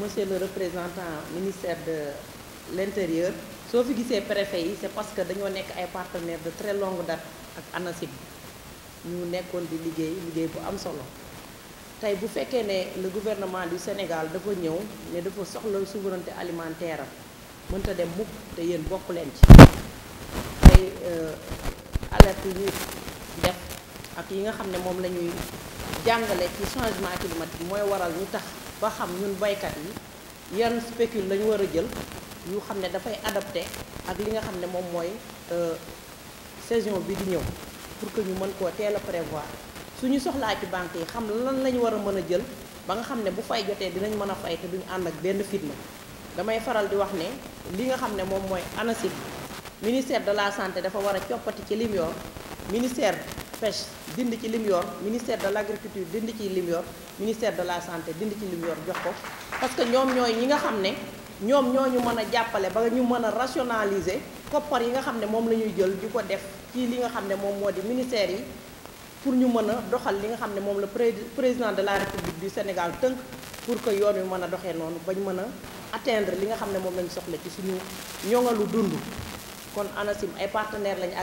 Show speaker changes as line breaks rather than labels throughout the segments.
monsieur le représentant ministère de l'Intérieur. Sauf qui c'est préféré, préfet parce que nous sommes partenaires de très longue date avec Anasib. Nous sommes di liggéey de bu le gouvernement du Sénégal dafa ñëw ne la souveraineté alimentaire mënta dem jàngale ci changement climatique mooy waral ñu tax ba xam ñun baykat yi yan spécule lañu ñu war a jël yu xam ne dafay adapté ak li nga xam ne moom mooy euh, saison bi di ñëw pour que ñu mën koo teel a prévoir suñu soxlaa ci banque yi xam lan la ñu war a mën a jël ba nga xam ne bu fay jotee dinañ mën a fay te duñu ànd ak benn fitna damay faral di wax ne li nga xam ne moom mooy ANACIM ministère de la santé dafa war a coppati ci lim yor ministère pêche dindi ci lim ministère de l' agriculture dindi ci lim yor ministère de la santé dindi ci lim yor jox ko parce que ñoom ñooy ñi nga xam ne ñoom ñoo ñu mën a jàppale ba ñu mën a rationaliser koppar yi nga xam ne moom la ñuy jël di ko def ci li nga xam ne moom moo di ministère yi pour ñu mën a doxal li nga xam ne moom la président de la république du Sénégal tënk pour que yoon wi mën a doxee noonu ba ñu mën a atteindre li nga xam ne moom la ñu soxla ci suñu ñoŋalu dund kon ANACIM ay partenaire lañu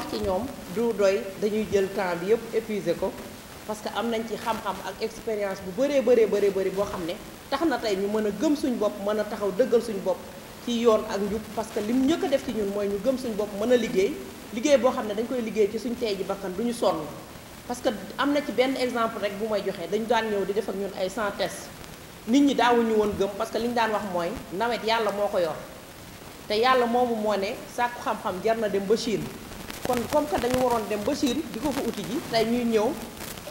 ak ñoom. du doy dañuy jël temps bi yëpp épuisé ko parce que am nañ ci xam-xam ak expérience bu bëree bëree bëree bëri boo xam ne tax na tey ñu mën a gëm suñ bopp mën a taxaw dëggal suñ bopp ci yoon ak njub parce que mu njëkk a def ci ñun mooy ñu gëm suñ bopp mën a liggéey liggéey boo xam ne dañ koy liggéey ci suñ tey ji bakkan du ñu sonn parce que am na ci benn exemple rek bu may joxee dañu daan ñëw di def ak ñun ay 100 nit ñi daawuñu woon gëm parce que li ñu daan wax mooy nawet yàlla moo ko yor te yàlla moomu moo ne sàkku xam jar na dem ba Chine kon comme que dañu waroon dem ba Chine di ko fa uti ji tey ñuy ñëw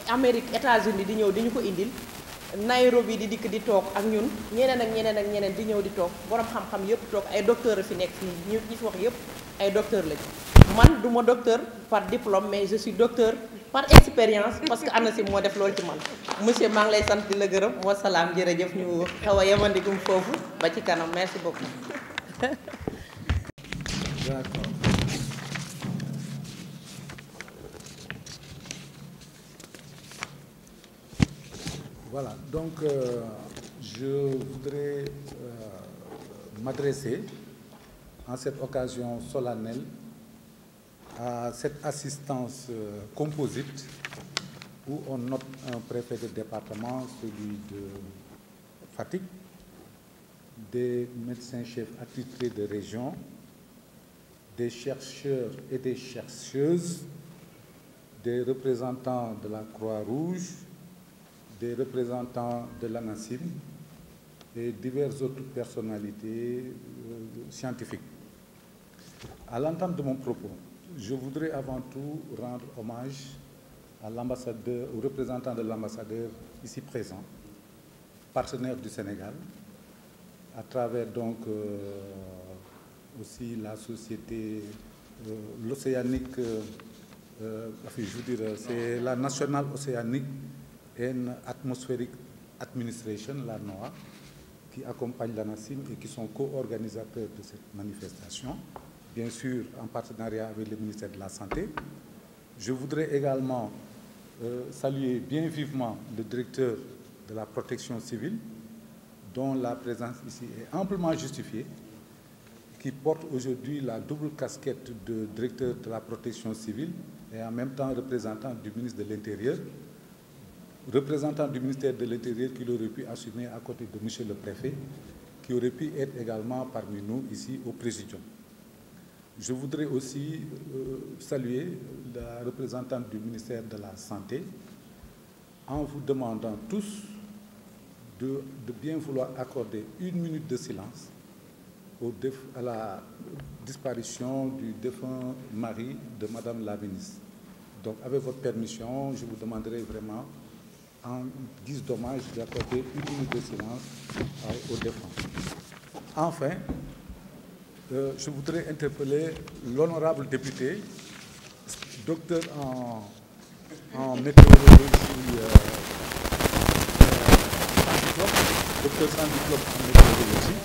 Amérique États-Unis di ñëw di ñu ko indil Nairobi di dikk di toog ak ñun ñeneen ak ñeneen ak ñeneen di ñëw di toog borom xam-xam yëpp toog ay docteur fi nekk fii ñu ñi fi wax yëpp ay docteur lañu man du ma docteur par diplôme mais je suis docteur par expérience parce que ANACIM moo def loolu ci man monsieur maa lay sant la gërëm wa salaam jëf ñu xaw a yemandikum foofu ba ci kanam merci beaucoup
d'accord Voilà, donc euh, je voudrais euh, m'adresser en cette occasion solennelle à cette assistance euh, composite où on note un préfet de département, celui de Fatigue, des médecins-chefs attitrés de région, des chercheurs et des chercheuses, des représentants de la Croix-Rouge, des représentants de la NASIM et diverses autres personnalités euh, scientifiques. À l'entente de mon propos, je voudrais avant tout rendre hommage à l'ambassadeur, au représentant de l'ambassadeur ici présent, partenaire du Sénégal, à travers donc euh, aussi la société, euh, l'océanique, je veux dire, c'est la nationale océanique and Atmospheric Administration, NOAA, qui accompagne la l'ANASIM et qui sont co-organisateurs de cette manifestation, bien sûr en partenariat avec le ministère de la Santé. Je voudrais également euh, saluer bien vivement le directeur de la protection civile, dont la présence ici est amplement justifiée, qui porte aujourd'hui la double casquette de directeur de la protection civile et en même temps représentant du ministre de l'Intérieur, représentant du ministère de l'Intérieur qui aurait pu assumer à côté de Michel le Préfet, qui aurait pu être également parmi nous ici au président. Je voudrais aussi euh, saluer la représentante du ministère de la Santé en vous demandant tous de, bien vouloir accorder une minute de silence au à la disparition du défunt mari de Madame la Donc, avec votre permission, je vous demanderai vraiment en guise d'hommage d'accorder une minute de silence aux défenses. Enfin, euh, je voudrais interpeller l'honorable député, docteur en, météorologie, euh, euh, docteur sans diplôme en météorologie.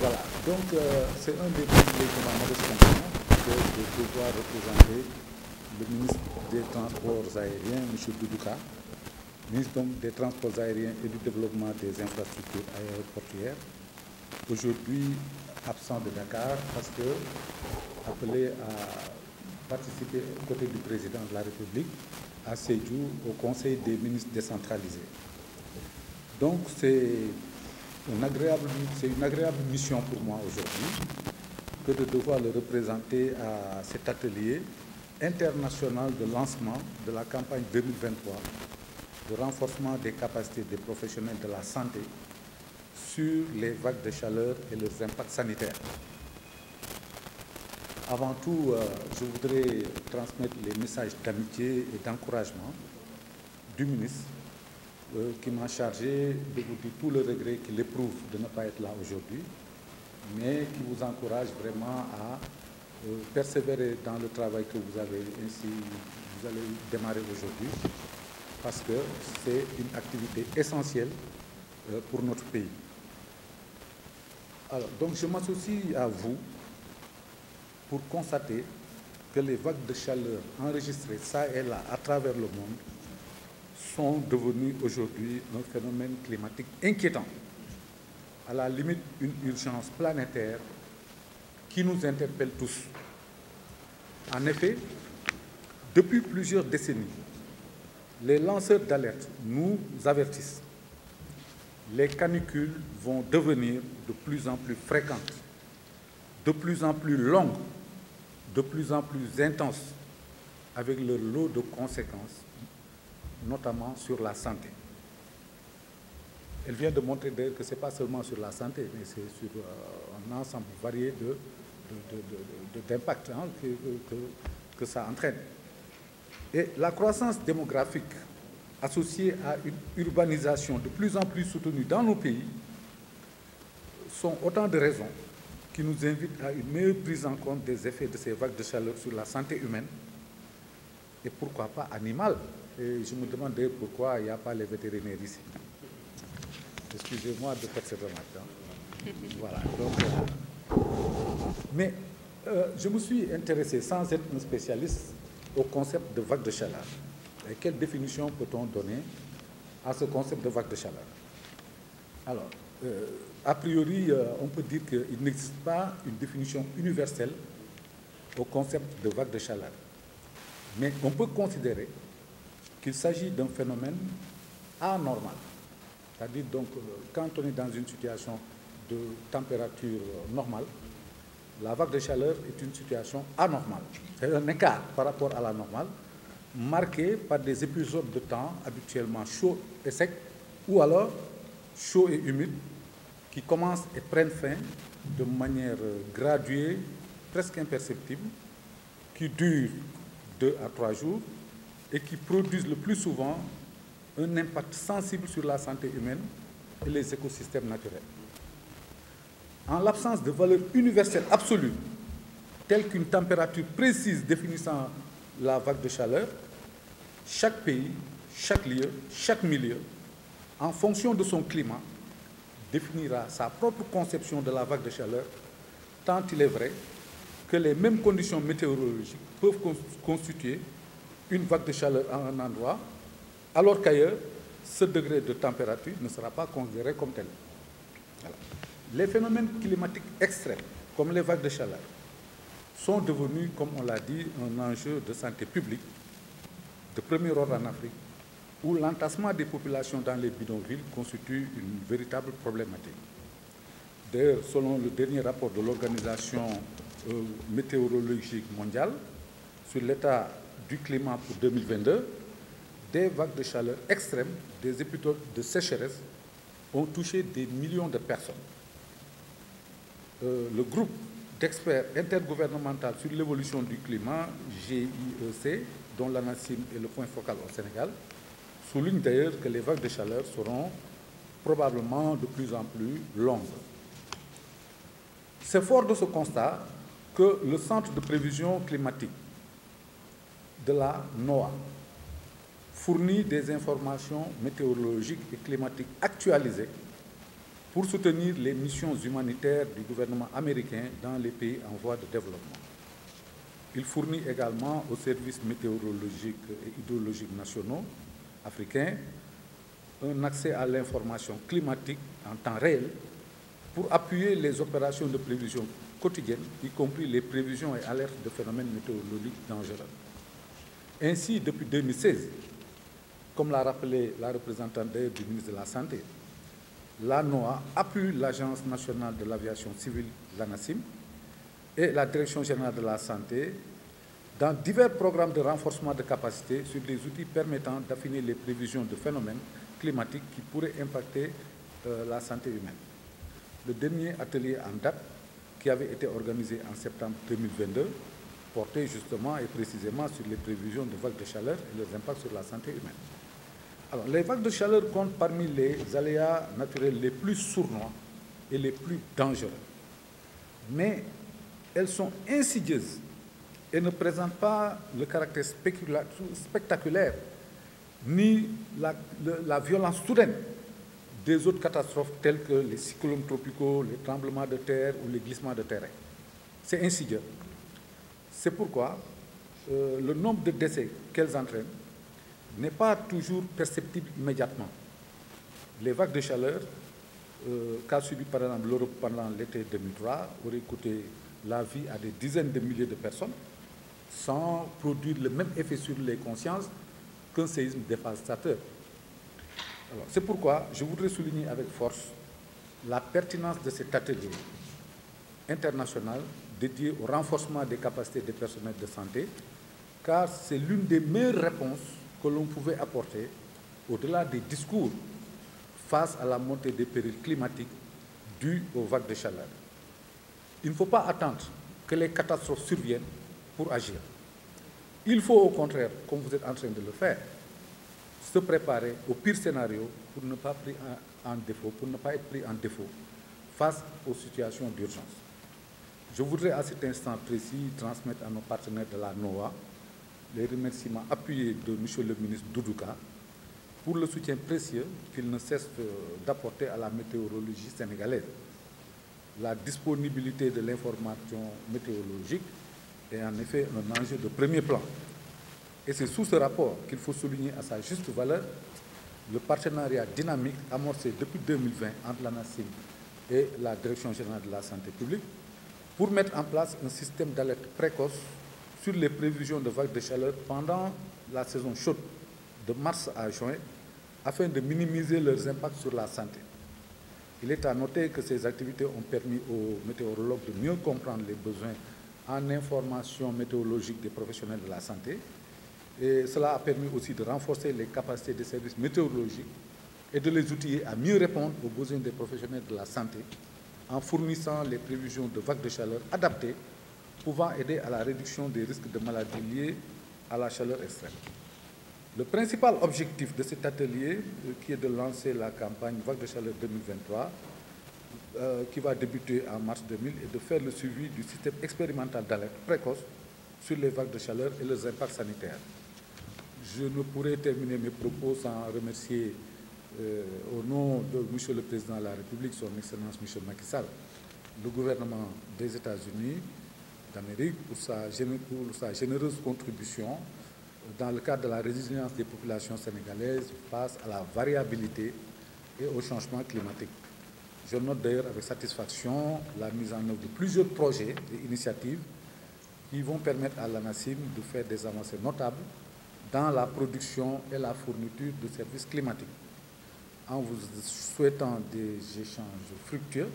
Voilà, donc c'est un des commandements de ce modeste que de pouvoir représenter le ministre des Transports aériens, M. Doudouka, ministre des Transports aériens et du développement des infrastructures aéroportuaires, aujourd'hui absent de Dakar parce que appelé à participer aux côtés du président de la République à jours au Conseil des ministres décentralisés. Donc c'est une agréable, c'est une agréable mission pour moi aujourd'hui que de devoir le représenter à cet atelier international de lancement de la campagne 2023 de renforcement des capacités des professionnels de la santé sur les vagues de chaleur et leurs impacts sanitaires. Avant tout, euh, je voudrais transmettre les messages d'amitié et d'encouragement du ministre euh, qui m'a chargé de vous dire tout le regret qu'il éprouve de ne pas être là aujourd'hui, mais qui vous encourage vraiment à euh, persévérer dans le travail que vous avez ainsi vous allez démarrer aujourd'hui parce que c'est une activité essentielle euh, pour notre pays. Alors, donc je m'associe à vous pour constater que les vagues de chaleur enregistrées ça et là à travers le monde sont devenues aujourd'hui un phénomène climatique inquiétant, à la limite une urgence planétaire qui nous interpelle tous. En effet, depuis plusieurs décennies, les lanceurs d'alerte nous avertissent. Les canicules vont devenir de plus en plus fréquentes, de plus en plus longues, de plus en plus intenses, avec le lot de conséquences, notamment sur la santé. Elle vient de montrer d'ailleurs que ce n'est pas seulement sur la santé, mais c'est sur euh, un ensemble varié d'impacts hein, que, que, ça entraîne. Et la croissance démographique associée à une urbanisation de plus en plus soutenue dans nos pays sont autant de raisons qui nous invitent à une meilleure prise en compte des effets de ces vagues de chaleur sur la santé humaine et pourquoi pas animale. Et je me demandais pourquoi il n'y a pas les vétérinaires ici. Excusez-moi de faire cette remarque. Hein. Voilà. Euh, mais euh, je me suis intéressé, sans être un spécialiste, au concept de vague de chaleur. quelle définition peut-on donner à ce concept de vague de chaleur Alors, euh, a priori, on peut dire qu'il n'existe pas une définition universelle au concept de vague de chaleur. Mais on peut considérer qu'il s'agit d'un phénomène anormal c'est-à-dire donc euh, quand on est dans une situation de température euh, normale, la vague de chaleur est une situation anormale. C'est un écart par rapport à la normale, marqué par des épisodes de temps habituellement chauds et secs, ou alors chauds et humides, qui commencent et prennent fin de manière euh, graduée, presque imperceptible, qui durent deux à trois jours et qui produisent le plus souvent un impact sensible sur la santé humaine et les écosystèmes naturels. En l'absence de valeurs universelles absolues, telle qu'une température précise définissant la vague de chaleur, chaque pays, chaque lieu, chaque milieu, en fonction de son climat, définira sa propre conception de la vague de chaleur, tant il est vrai que les mêmes conditions météorologiques peuvent constituer une vague de chaleur à un endroit alors qu'ailleurs, ce degré de température ne sera pas considéré comme tel. Les phénomènes climatiques extrêmes, comme les vagues de chaleur, sont devenus, comme on l'a dit, un enjeu de santé publique de premier ordre en Afrique, où l'entassement des populations dans les bidonvilles constitue une véritable problématique. D'ailleurs, selon le dernier rapport de l'Organisation euh, météorologique mondiale sur l'état du climat pour 2022, des vagues de chaleur extrêmes, des épisodes de sécheresse ont touché des millions de personnes. Euh, le groupe d'experts intergouvernemental sur l'évolution du climat, GIEC, dont l'ANASIM est le point focal au Sénégal, souligne d'ailleurs que les vagues de chaleur seront probablement de plus en plus longues. C'est fort de ce constat que le Centre de prévision climatique de la NOAA, fournit des informations météorologiques et climatiques actualisées pour soutenir les missions humanitaires du gouvernement américain dans les pays en voie de développement. Il fournit également aux services météorologiques et hydrologiques nationaux africains un accès à l'information climatique en temps réel pour appuyer les opérations de prévision quotidiennes, y compris les prévisions et alertes de phénomènes météorologiques dangereux. Ainsi, depuis 2016, comme l'a rappelé la représentante du ministre de la Santé, la NOAA appuie l'Agence nationale de l'aviation civile, l'ANASIM, et la Direction générale de la Santé dans divers programmes de renforcement de capacité sur des outils permettant d'affiner les prévisions de phénomènes climatiques qui pourraient impacter euh, la santé humaine. Le dernier atelier en date, qui avait été organisé en septembre 2022, portait justement et précisément sur les prévisions de vagues de chaleur et leurs impacts sur la santé humaine les vagues de chaleur comptent parmi les aléas naturels les plus sournois et les plus dangereux. Mais elles sont insidieuses et ne présentent pas le caractère spectaculaire ni la, violence soudaine des autres catastrophes telles que les cyclones tropicaux, les tremblements de terre ou les glissements de terrain. C'est insidieux. C'est pourquoi euh, le nombre de décès qu'elles entraînent n'est pas toujours perceptible immédiatement. Les vagues de chaleur euh, qu'a subi par exemple l'Europe pendant l'été 2003 auraient coûté la vie à des dizaines de milliers de personnes sans produire le même effet sur les consciences qu'un séisme dévastateur. C'est pourquoi je voudrais souligner avec force la pertinence de cet atelier international dédié au renforcement des capacités des personnels de santé, car c'est l'une des meilleures réponses que l'on pouvait apporter, au-delà des discours, face à la montée des périls climatiques dus aux vagues de chaleur. Il ne faut pas attendre que les catastrophes surviennent pour agir. Il faut au contraire, comme vous êtes en train de le faire, se préparer au pire scénario pour ne pas, défaut, pour ne pas être pris en défaut face aux situations d'urgence. Je voudrais à cet instant précis transmettre à nos partenaires de la NOAA les remerciements appuyés de M. le ministre Doudouka pour le soutien précieux qu'il ne cesse euh, d'apporter à la météorologie sénégalaise. La disponibilité de l'information météorologique est en effet un enjeu de premier plan. Et c'est sous ce rapport qu'il faut souligner à sa juste valeur le partenariat dynamique amorcé depuis 2020 entre la NACIM et la Direction générale de la santé publique pour mettre en place un système d'alerte précoce sur les prévisions de vagues de chaleur pendant la saison chaude de mars à juin afin de minimiser leurs impacts sur la santé. Il est à noter que ces activités ont permis aux météorologues de mieux comprendre les besoins en information météorologique des professionnels de la santé. Et cela a permis aussi de renforcer les capacités des services météorologiques et de les outiller à mieux répondre aux besoins des professionnels de la santé en fournissant les prévisions de vagues de chaleur adaptées pouvant aider à la réduction des risques de maladies liées à la chaleur extrême. Le principal objectif de cet atelier, euh, qui est de lancer la campagne Vague de chaleur 2023, euh, qui va débuter en mars 2000, est de faire le suivi du système expérimental d'alerte précoce sur les vagues de chaleur et leurs impacts sanitaires. Je ne pourrais terminer mes propos sans remercier euh, au nom de M. le Président de la République, son Excellence Michel Macky Sall, le gouvernement des États-Unis, d'Amérique pour sa, généreuse contribution dans le cadre de la résilience des populations sénégalaises face à la variabilité et au changement climatique. Je note d'ailleurs avec satisfaction la mise en œuvre de plusieurs projets et initiatives qui vont permettre à l'ANASIM de faire des avancées notables dans la production et la fourniture de services climatiques. En vous souhaitant des échanges fructueux,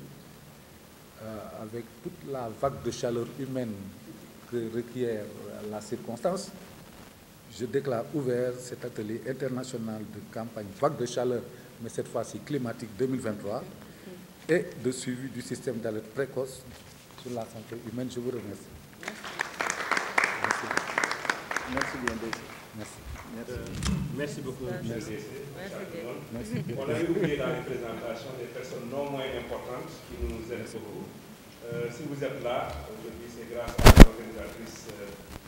euh, avec toute la vague de chaleur humaine que requiert la circonstance, je déclare ouvert cet atelier international de campagne vague de chaleur, mais cette fois-ci climatique 2023, et de suivi du système d'alerte précoce sur la santé humaine. Je vous remercie. Merci, Merci bien, euh, merci. Merci. beaucoup. Merci. merci. On avait oublié la représentation des personnes non moins importantes qui nous aident beaucoup. Euh, si vous êtes là, aujourd'hui, c'est grâce à l'organisatrice. Euh,